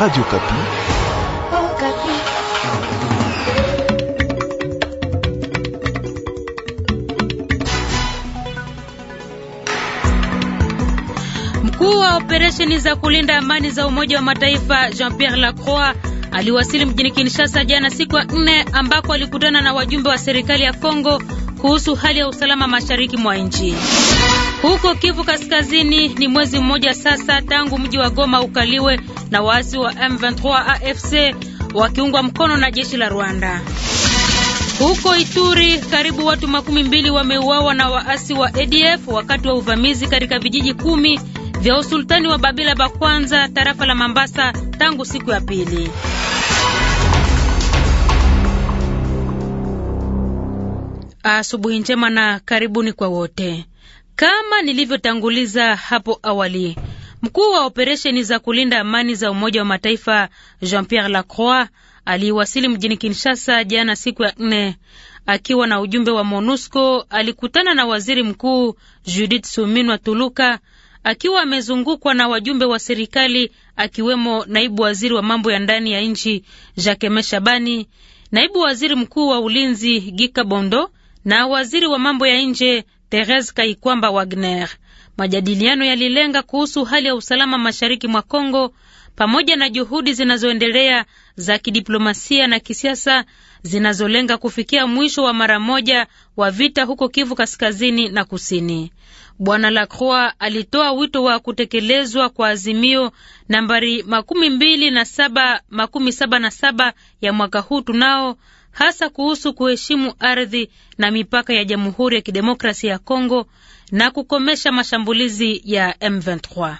Radio Kapi. Oh, Kapi. Mkuu wa operesheni za kulinda amani za Umoja wa Mataifa Jean-Pierre Lacroix aliwasili mjini Kinshasa jana siku ya nne ambako alikutana na wajumbe wa serikali ya Kongo kuhusu hali ya usalama mashariki mwa nchi. Huko Kivu Kaskazini ni mwezi mmoja sasa tangu mji wa Goma ukaliwe na waasi wa M23 AFC wakiungwa mkono na jeshi la Rwanda. Huko Ituri karibu watu makumi mbili wameuawa na waasi wa ADF wakati wa uvamizi katika vijiji kumi vya usultani wa Babila ba kwanza tarafa la Mambasa tangu siku ya pili. Asubuhi njema na karibuni kwa wote. Kama nilivyotanguliza hapo awali, mkuu wa operesheni za kulinda amani za Umoja wa Mataifa Jean Pierre Lacroix aliwasili mjini Kinshasa jana siku ya nne akiwa na ujumbe wa MONUSCO. Alikutana na waziri mkuu Judith Suminwa Tuluka akiwa amezungukwa na wajumbe wa serikali akiwemo naibu waziri wa mambo ya ndani ya nchi Jakeme Shabani, naibu waziri mkuu wa ulinzi Gika Bondo na waziri wa mambo ya nje Therese Kaikwamba Wagner. Majadiliano yalilenga kuhusu hali ya usalama mashariki mwa Kongo pamoja na juhudi zinazoendelea za kidiplomasia na kisiasa zinazolenga kufikia mwisho wa mara moja wa vita huko Kivu kaskazini na kusini. Bwana Lacroix alitoa wito wa kutekelezwa kwa azimio nambari makumi mbili na saba makumi saba na saba ya mwaka huu tunao hasa kuhusu kuheshimu ardhi na mipaka ya Jamhuri ya Kidemokrasia ya Kongo na kukomesha mashambulizi ya M23.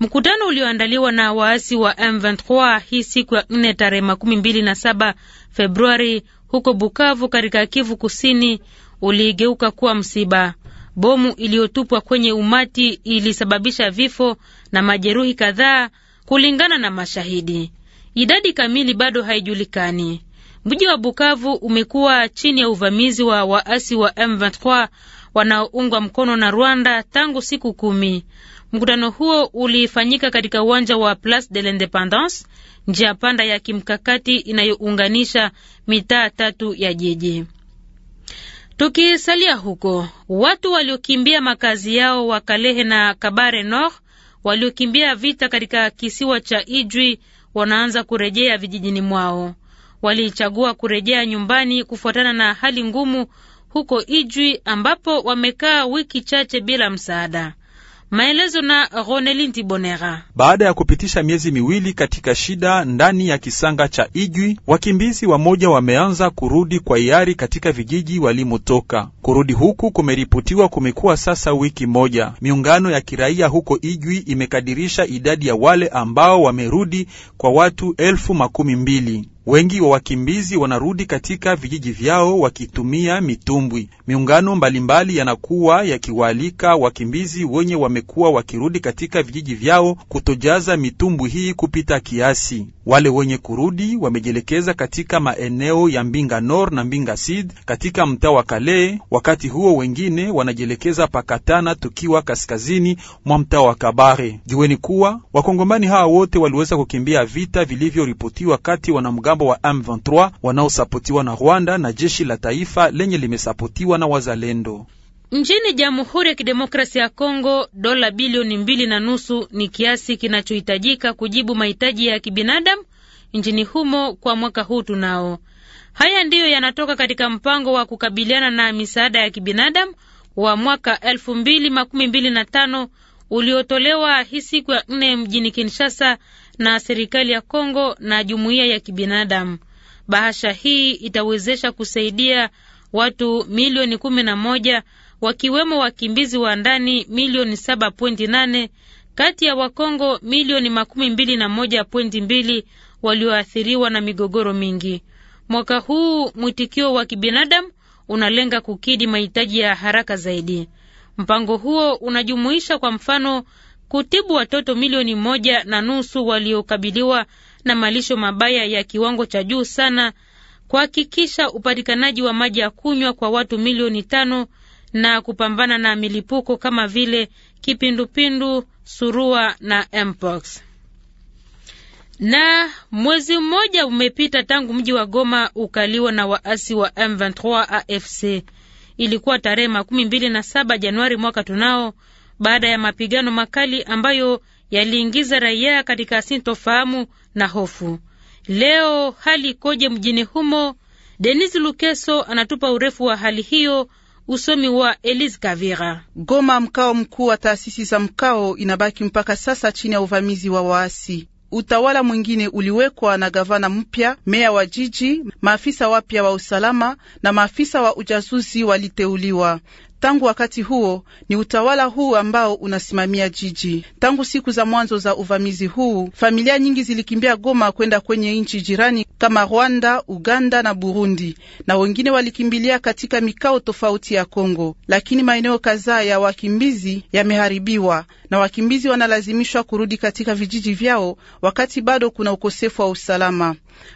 Mkutano ulioandaliwa na waasi wa M23 hii siku ya nne tarehe makumi mbili na saba Februari huko Bukavu katika Kivu Kusini uliigeuka kuwa msiba. Bomu iliyotupwa kwenye umati ilisababisha vifo na majeruhi kadhaa kulingana na mashahidi idadi kamili bado haijulikani. Mji wa Bukavu umekuwa chini ya uvamizi wa waasi wa M23 wanaoungwa mkono na Rwanda tangu siku kumi. Mkutano huo ulifanyika katika uwanja wa Place de l'Independance, njia panda ya kimkakati inayounganisha mitaa tatu ya jiji. Tukisalia huko, watu waliokimbia makazi yao wa Kalehe na Kabare Nord waliokimbia vita katika kisiwa cha Ijwi wanaanza kurejea vijijini mwao. Walichagua kurejea nyumbani kufuatana na hali ngumu huko Ijwi ambapo wamekaa wiki chache bila msaada. Maelezo na Ronelinti Bonera. Baada ya kupitisha miezi miwili katika shida ndani ya kisanga cha Ijwi, wakimbizi wamoja wameanza kurudi kwa hiari katika vijiji walimotoka. Kurudi huku kumeripotiwa kumekuwa sasa wiki moja. Miungano ya kiraia huko Ijwi imekadirisha idadi ya wale ambao wamerudi kwa watu elfu makumi mbili. Wengi wa wakimbizi wanarudi katika vijiji vyao wakitumia mitumbwi. Miungano mbalimbali yanakuwa yakiwaalika wakimbizi wenye wamekuwa wakirudi katika vijiji vyao kutojaza mitumbwi hii kupita kiasi. Wale wenye kurudi wamejielekeza katika maeneo ya Mbinga Nord na Mbinga Sud katika mtaa wa Kale, wakati huo wengine wanajielekeza Pakatana, tukiwa kaskazini mwa mtaa wa Kabare. Jueni kuwa wakongomani hawa wote waliweza kukimbia vita vilivyoripotiwa kati wanamgambo wanamgambo wa M23 wanaosapotiwa na Rwanda na jeshi la taifa lenye limesapotiwa na wazalendo. Nchini Jamhuri ya Kidemokrasia ya Kongo, dola bilioni mbili na nusu ni kiasi kinachohitajika kujibu mahitaji ya kibinadamu nchini humo kwa mwaka huu tunao. Haya ndiyo yanatoka katika mpango wa kukabiliana na misaada ya kibinadamu wa mwaka elfu mbili makumi mbili na tano uliotolewa hii siku ya nne mjini Kinshasa na serikali ya Kongo na jumuiya ya kibinadamu. Bahasha hii itawezesha kusaidia watu milioni kumi na moja wakiwemo wakimbizi wa ndani milioni saba pointi nane kati ya Wakongo milioni makumi mbili na moja pointi mbili walioathiriwa na migogoro mingi. Mwaka huu mwitikio wa kibinadamu unalenga kukidhi mahitaji ya haraka zaidi. Mpango huo unajumuisha kwa mfano kutibu watoto milioni moja na nusu waliokabiliwa na malisho mabaya ya kiwango cha juu sana, kuhakikisha upatikanaji wa maji ya kunywa kwa watu milioni tano na kupambana na milipuko kama vile kipindupindu, surua na mpox. Na mwezi mmoja umepita tangu mji wa Goma ukaliwa na waasi wa M23 AFC ilikuwa tarehe makumi mbili na saba Januari mwaka tunao, baada ya mapigano makali ambayo yaliingiza raia katika sintofahamu na hofu. Leo hali ikoje mjini humo? Denis Lukeso anatupa urefu wa hali hiyo. Usomi wa Elise Kavira. Goma, mkao mkuu wa taasisi za mkao inabaki mpaka sasa chini ya uvamizi wa waasi. Utawala mwingine uliwekwa na gavana mpya, meya wa jiji, maafisa wapya wa usalama na maafisa wa ujasusi waliteuliwa. Tangu wakati huo ni utawala huu ambao unasimamia jiji. Tangu siku za mwanzo za uvamizi huu, familia nyingi zilikimbia Goma kwenda kwenye nchi jirani kama Rwanda, Uganda na Burundi, na wengine walikimbilia katika mikao tofauti ya Kongo. Lakini maeneo kadhaa ya wakimbizi yameharibiwa na wakimbizi wanalazimishwa kurudi katika vijiji vyao, wakati bado kuna ukosefu wa usalama.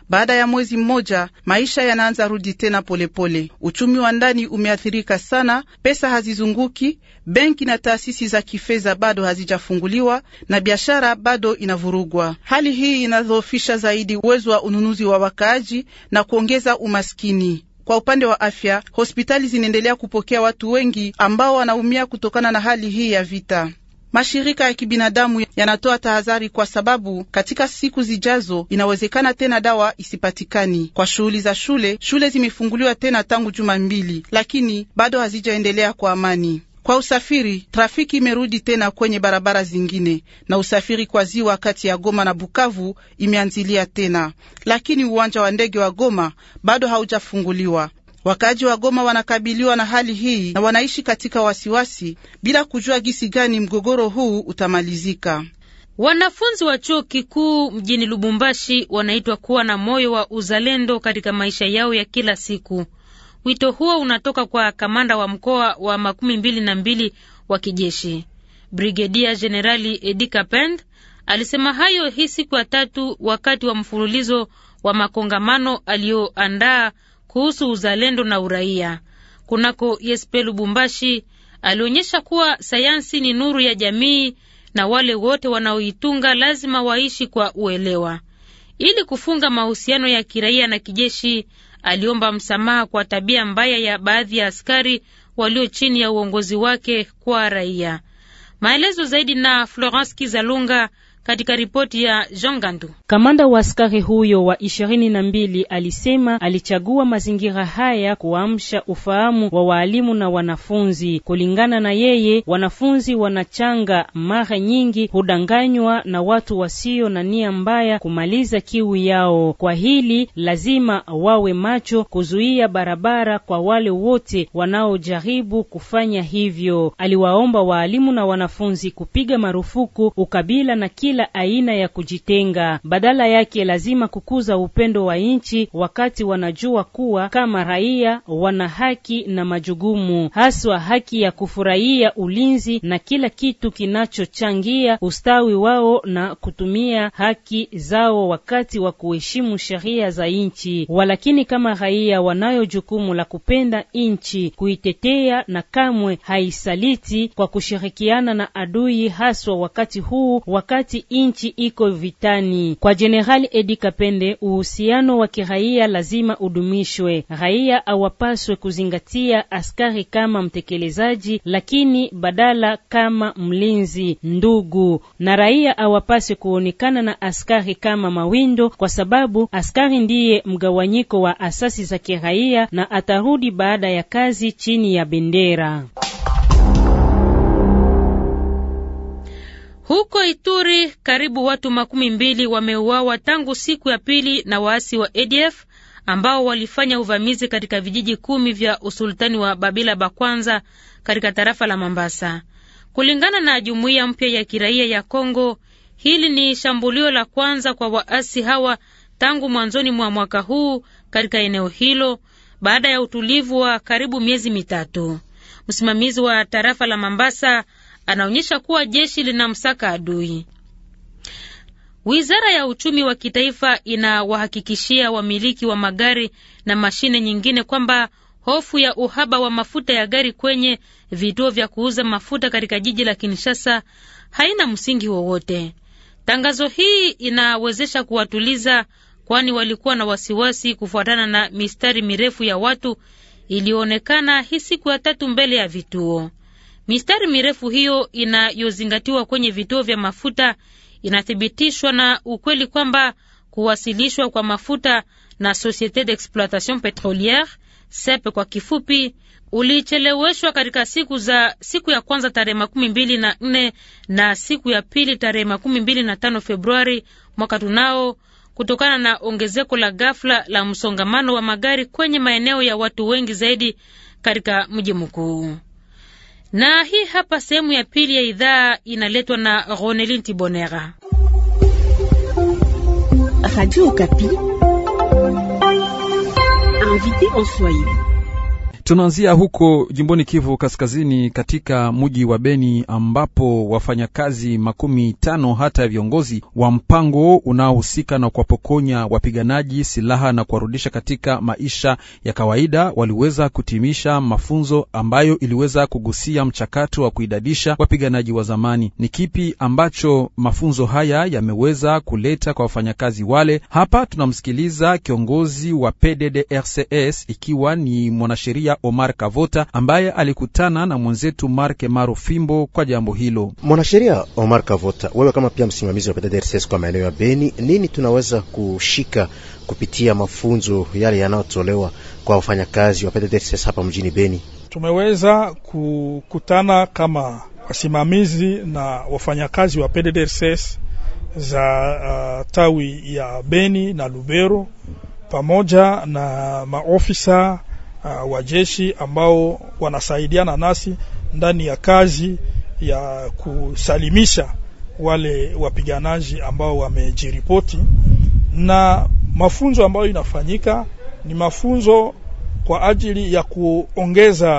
Baada ya mwezi mmoja, maisha yanaanza rudi tena polepole pole. Uchumi wa ndani umeathirika sana pesa pesa hazizunguki, benki na taasisi za kifedha bado hazijafunguliwa na biashara bado inavurugwa. Hali hii inadhoofisha zaidi uwezo wa ununuzi wa wakaaji na kuongeza umaskini. Kwa upande wa afya, hospitali zinaendelea kupokea watu wengi ambao wanaumia kutokana na hali hii ya vita. Mashirika ya kibinadamu yanatoa tahadhari kwa sababu katika siku zijazo inawezekana tena dawa isipatikani kwa shughuli za shule. Shule zimefunguliwa tena tangu juma mbili, lakini bado hazijaendelea kwa amani. Kwa usafiri, trafiki imerudi tena kwenye barabara zingine na usafiri kwa ziwa kati ya Goma na Bukavu imeanzilia tena, lakini uwanja wa ndege wa Goma bado haujafunguliwa. Wakaaji wa Goma wanakabiliwa na hali hii na wanaishi katika wasiwasi bila kujua gisi gani mgogoro huu utamalizika. Wanafunzi wa chuo kikuu mjini Lubumbashi wanaitwa kuwa na moyo wa uzalendo katika maisha yao ya kila siku. Wito huo unatoka kwa kamanda wa mkoa wa makumi mbili na mbili wa kijeshi Brigedia Jenerali Edi Kapend alisema hayo hii siku ya tatu wakati wa mfululizo wa makongamano aliyoandaa kuhusu uzalendo na uraia kunako Yespe Lubumbashi alionyesha kuwa sayansi ni nuru ya jamii na wale wote wanaoitunga lazima waishi kwa uelewa. Ili kufunga mahusiano ya kiraia na kijeshi, aliomba msamaha kwa tabia mbaya ya baadhi ya askari walio chini ya uongozi wake kwa raia. Maelezo zaidi na Florence Kizalunga katika ripoti ya Jean Gandu. Kamanda wa askari huyo wa ishirini na mbili alisema alichagua mazingira haya kuamsha ufahamu wa waalimu na wanafunzi. Kulingana na yeye, wanafunzi wanachanga mara nyingi hudanganywa na watu wasio na nia mbaya kumaliza kiu yao. Kwa hili lazima wawe macho kuzuia barabara kwa wale wote wanaojaribu kufanya hivyo. Aliwaomba waalimu na wanafunzi kupiga marufuku ukabila na kila aina ya kujitenga. Badala yake lazima kukuza upendo wa nchi, wakati wanajua kuwa kama raia wana haki na majugumu haswa haki ya kufurahia ulinzi na kila kitu kinachochangia ustawi wao na kutumia haki zao wakati wa kuheshimu sheria za nchi. Walakini kama raia wanayo jukumu la kupenda nchi, kuitetea na kamwe haisaliti kwa kushirikiana na adui, haswa wakati huu, wakati nchi iko vitani kwa kwa Jenerali Edi Kapende, uhusiano wa kiraia lazima udumishwe. Raia awapaswe kuzingatia askari kama mtekelezaji, lakini badala kama mlinzi ndugu, na raia awapaswe kuonekana na askari kama mawindo, kwa sababu askari ndiye mgawanyiko wa asasi za kiraia na atarudi baada ya kazi chini ya bendera. Huko Ituri karibu watu makumi mbili wameuawa tangu siku ya pili na waasi wa ADF ambao walifanya uvamizi katika vijiji kumi vya usultani wa Babila Bakwanza katika tarafa la Mambasa. Kulingana na jumuiya mpya ya kiraia ya Kongo, hili ni shambulio la kwanza kwa waasi hawa tangu mwanzoni mwa mwaka huu katika eneo hilo baada ya utulivu wa karibu miezi mitatu. Msimamizi wa tarafa la Mambasa anaonyesha kuwa jeshi linamsaka adui. Wizara ya uchumi wa kitaifa inawahakikishia wamiliki wa magari na mashine nyingine kwamba hofu ya uhaba wa mafuta ya gari kwenye vituo vya kuuza mafuta katika jiji la Kinshasa haina msingi wowote. Tangazo hii inawezesha kuwatuliza, kwani walikuwa na wasiwasi kufuatana na mistari mirefu ya watu iliyoonekana hii siku ya tatu mbele ya vituo. Mistari mirefu hiyo inayozingatiwa kwenye vituo vya mafuta inathibitishwa na ukweli kwamba kuwasilishwa kwa mafuta na Societe d'Exploitation Petroliere SEP kwa kifupi ulicheleweshwa katika siku za siku ya kwanza tarehe makumi mbili na nne na siku ya pili tarehe makumi mbili na tano Februari mwaka tunao kutokana na ongezeko la ghafla la msongamano wa magari kwenye maeneo ya watu wengi zaidi katika mji mkuu na hii hapa sehemu ya pili ya idhaa inaletwa na Ronelin Tibonera. Radio Okapi, invité en Swahili. Tunaanzia huko jimboni Kivu Kaskazini, katika mji wa Beni ambapo wafanyakazi makumi tano hata ya viongozi wa mpango unaohusika na kuwapokonya wapiganaji silaha na kuwarudisha katika maisha ya kawaida waliweza kutimisha mafunzo ambayo iliweza kugusia mchakato wa kuidadisha wapiganaji wa zamani. Ni kipi ambacho mafunzo haya yameweza kuleta kwa wafanyakazi wale? Hapa tunamsikiliza kiongozi wa PDDRCS ikiwa ni mwanasheria Omar Kavota ambaye alikutana na mwenzetu Marke fimbo kwa jambo hilo. Mwanasheria Omar Kavota, wewe kama pia msimamizi wa PDDRCS kwa maeneo ya Beni, nini tunaweza kushika kupitia mafunzo yale yanayotolewa kwa wafanyakazi wa PDDRCS hapa mjini Beni? Tumeweza kukutana kama wasimamizi na wafanyakazi wa PDDRCS za uh, tawi ya Beni na Lubero pamoja na maofisa Uh, wa wajeshi ambao wanasaidiana nasi ndani ya kazi ya kusalimisha wale wapiganaji ambao wamejiripoti, na mafunzo ambayo inafanyika ni mafunzo kwa ajili ya kuongeza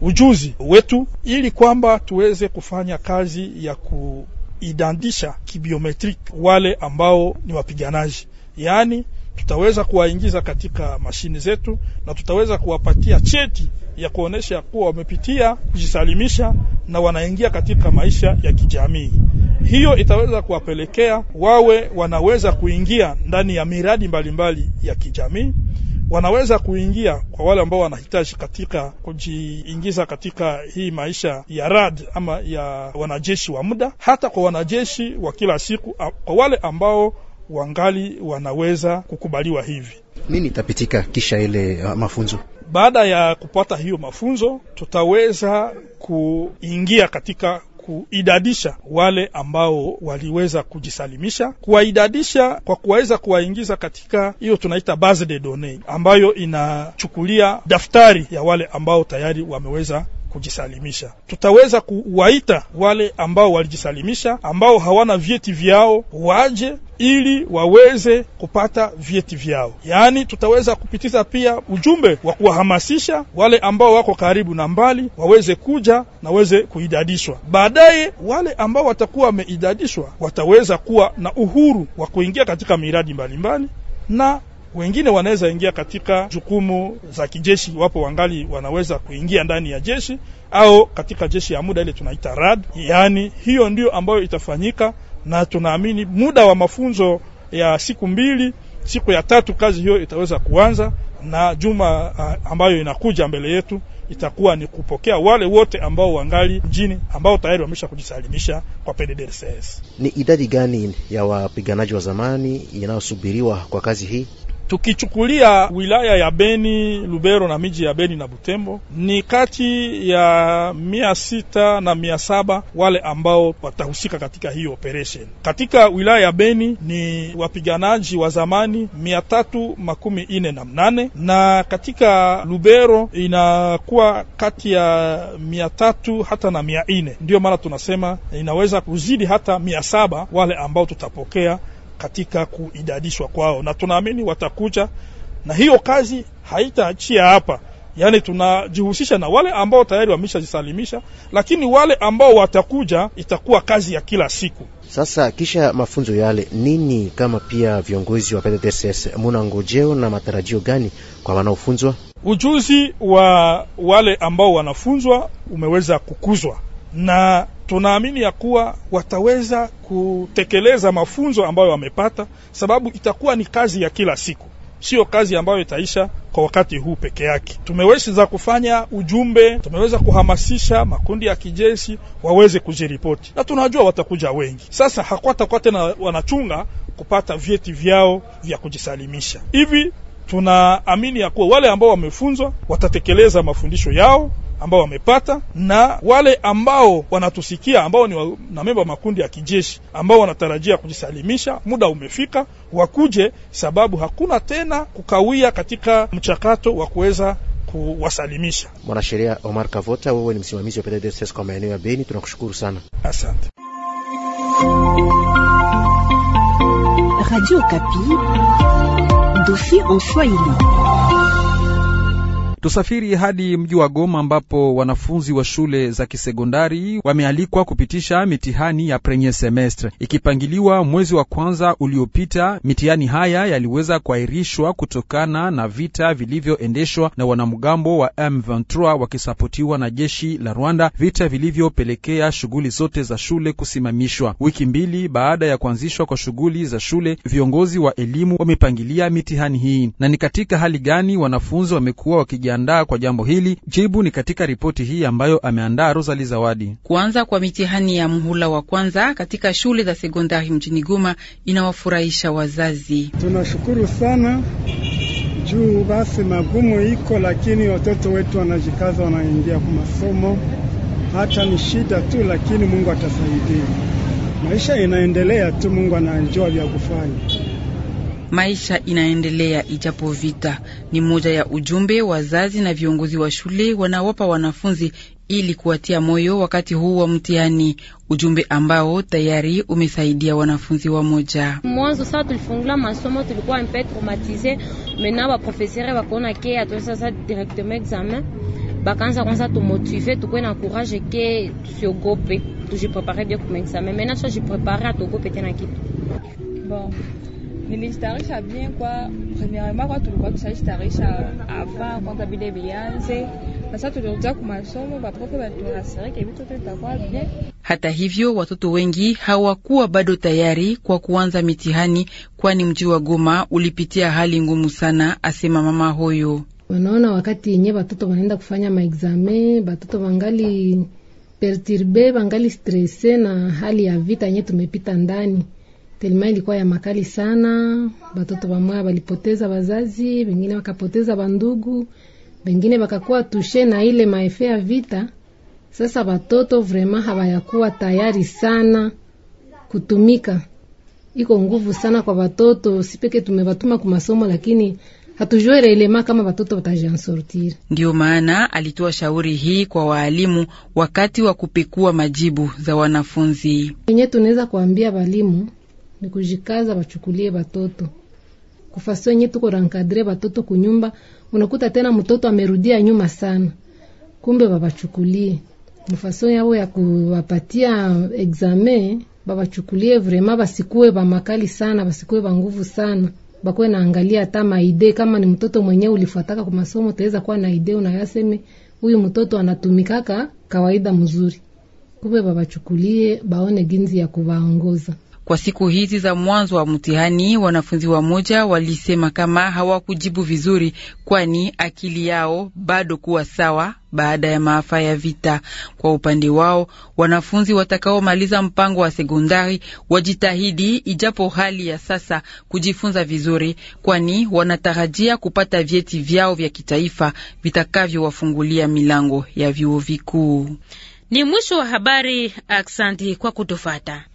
uh, ujuzi wetu ili kwamba tuweze kufanya kazi ya kuidandisha kibiometriki wale ambao ni wapiganaji, yaani tutaweza kuwaingiza katika mashini zetu na tutaweza kuwapatia cheti ya kuonesha kuwa wamepitia kujisalimisha na wanaingia katika maisha ya kijamii. Hiyo itaweza kuwapelekea wawe wanaweza kuingia ndani ya miradi mbalimbali mbali ya kijamii wanaweza kuingia kwa wale ambao wanahitaji katika kujiingiza katika hii maisha ya rad ama ya wanajeshi wa muda, hata kwa wanajeshi wa kila siku, kwa wale ambao wangali wanaweza kukubaliwa hivi. Nini itapitika kisha ile uh, mafunzo? Baada ya kupata hiyo mafunzo, tutaweza kuingia katika kuidadisha wale ambao waliweza kujisalimisha, kuwaidadisha kwa kuweza kuwaingiza katika hiyo tunaita base de donnees ambayo inachukulia daftari ya wale ambao tayari wameweza kujisalimisha. Tutaweza kuwaita wale ambao walijisalimisha, ambao hawana vyeti vyao waje ili waweze kupata vyeti vyao. Yaani, tutaweza kupitiza pia ujumbe wa kuwahamasisha wale ambao wako karibu na mbali waweze kuja na waweze kuidadishwa. Baadaye wale ambao watakuwa wameidadishwa wataweza kuwa na uhuru wa kuingia katika miradi mbalimbali mbali, na wengine wanaweza ingia katika jukumu za kijeshi, wapo wangali wanaweza kuingia ndani ya jeshi au katika jeshi ya muda ile tunaita rad. Yaani hiyo ndio ambayo itafanyika, na tunaamini muda wa mafunzo ya siku mbili, siku ya tatu kazi hiyo itaweza kuanza, na juma ambayo inakuja mbele yetu itakuwa ni kupokea wale wote ambao wangali mjini ambao tayari wamesha kujisalimisha kwa PDDRCS. Ni idadi gani ya wapiganaji wa zamani inayosubiriwa kwa kazi hii? Tukichukulia wilaya ya Beni, Lubero na miji ya Beni na Butembo ni kati ya mia sita na mia saba wale ambao watahusika katika hii operation. Katika wilaya ya Beni ni wapiganaji wa zamani mia tatu makumi ine na mnane na katika Lubero inakuwa kati ya mia tatu hata na mia ine. Ndiyo maana tunasema inaweza kuzidi hata mia saba wale ambao tutapokea katika kuidadishwa kwao, na tunaamini watakuja, na hiyo kazi haitaachia hapa. Yani, tunajihusisha na wale ambao tayari wameshajisalimisha, lakini wale ambao watakuja itakuwa kazi ya kila siku. Sasa kisha mafunzo yale, nini kama pia viongozi wa PDDRCS, muna ngojeo na matarajio gani kwa wanaofunzwa? Ujuzi wa wale ambao wanafunzwa umeweza kukuzwa na tunaamini ya kuwa wataweza kutekeleza mafunzo ambayo wamepata, sababu itakuwa ni kazi ya kila siku, sio kazi ambayo itaisha kwa wakati huu peke yake. Tumeweza kufanya ujumbe, tumeweza kuhamasisha makundi ya kijeshi waweze kujiripoti, na tunajua watakuja wengi. Sasa hakwatakuwa tena wanachunga kupata vyeti vyao vya kujisalimisha. Hivi tunaamini ya kuwa wale ambao wamefunzwa watatekeleza mafundisho yao ambao wamepata na wale ambao wanatusikia ambao ni na wa makundi ya kijeshi ambao wanatarajia kujisalimisha, muda umefika wakuje, sababu hakuna tena kukawia katika mchakato wa kuweza kuwasalimisha. Mwanasheria Omar Kavota, wewe ni msimamizi wa PDDSS kwa maeneo ya Beni, tunakushukuru sana, asante. Radio Kapi, en Swahili. Tusafiri hadi mji wa Goma ambapo wanafunzi wa shule za kisekondari wamealikwa kupitisha mitihani ya premier semestre ikipangiliwa mwezi wa kwanza uliopita. Mitihani haya yaliweza kuahirishwa kutokana na vita vilivyoendeshwa na wanamgambo wa M23 wakisapotiwa na jeshi la Rwanda, vita vilivyopelekea shughuli zote za shule kusimamishwa. Wiki mbili baada ya kuanzishwa kwa shughuli za shule, viongozi wa elimu wamepangilia mitihani hii. Na ni katika hali gani wanafunzi wamekuwa wakija kujiandaa kwa jambo hili? Jibu ni katika ripoti hii ambayo ameandaa Rosali Zawadi. Kuanza kwa mitihani ya mhula wa kwanza katika shule za sekondari mjini Goma inawafurahisha wazazi. Tunashukuru sana juu basi magumu iko, lakini watoto wetu wanajikaza, wanaingia kwa masomo. Hata ni shida tu, lakini Mungu atasaidia. Maisha inaendelea tu, Mungu anajua vya kufanya. Maisha inaendelea ijapo vita, ni moja ya ujumbe wazazi na viongozi wa shule wanawapa wanafunzi ili kuwatia moyo wakati huu wa mtihani, ujumbe ambao tayari umesaidia wanafunzi wa moja. Mwanzo saa tulifungula masomo tulikuwa mpe traumatize mena baprofesere wakaona ke atuesa sa directement examen bakaanza kwanza tumotive tukwe na courage ke tusiogope tujiprepare bien kuma mena sa jiprepare atuogope tena kitu bon nilistarisha bien kwa premierement, kwa tulikuwa tushastarisha avant kwanza vile vianze. Sasa tulikuja kwa masomo baprofe baturasirike vitoto itakuwa bien. Hata hivyo watoto wengi hawakuwa bado tayari kwa kuanza mitihani, kwani mji wa Goma ulipitia hali ngumu sana, asema mama huyo. Wanaona wakati yenye watoto wanaenda kufanya maexame, watoto wangali perturbe, wangali stresse na hali ya vita yenye tumepita ndani telema ilikuwa ya makali sana. Batoto bamwaya balipoteza bazazi bengine wakapoteza bandugu, bengine bakakuwa tushe na ile maefe ya vita. Sasa batoto vrema habayakuwa tayari sana kutumika. Iko nguvu sana kwa batoto, sipeke tumebatuma ku masomo, lakini hatujue relema kama batoto batajansortir. Ndio maana alitoa shauri hii kwa waalimu wakati wa kupekua majibu za wanafunzi. Enye tunaweza kuambia walimu ni kujikaza bachukulie batoto kufasi wenye tuko rankadre batoto kunyumba, unakuta tena mtoto amerudia nyuma sana, kumbe babachukulie mfaso yao ya kuwapatia exame, babachukulie vrema, basikuwe bamakali sana, basikuwe banguvu sana, bakuwe naangalia hata maide. Kama ni mtoto mwenye ulifuataka kwa masomo, utaweza kuwa na ide unayaseme huyu mtoto anatumikaka kawaida mzuri, kumbe babachukulie, baone ginzi ya kuwaongoza. Kwa siku hizi za mwanzo wa mtihani, wanafunzi wa moja walisema kama hawakujibu vizuri, kwani akili yao bado kuwa sawa baada ya maafa ya vita. Kwa upande wao, wanafunzi watakaomaliza mpango wa sekondari wajitahidi, ijapo hali ya sasa, kujifunza vizuri, kwani wanatarajia kupata vyeti vyao vya kitaifa vitakavyowafungulia milango ya vyuo vikuu. Ni mwisho wa habari. Aksanti kwa kutufata.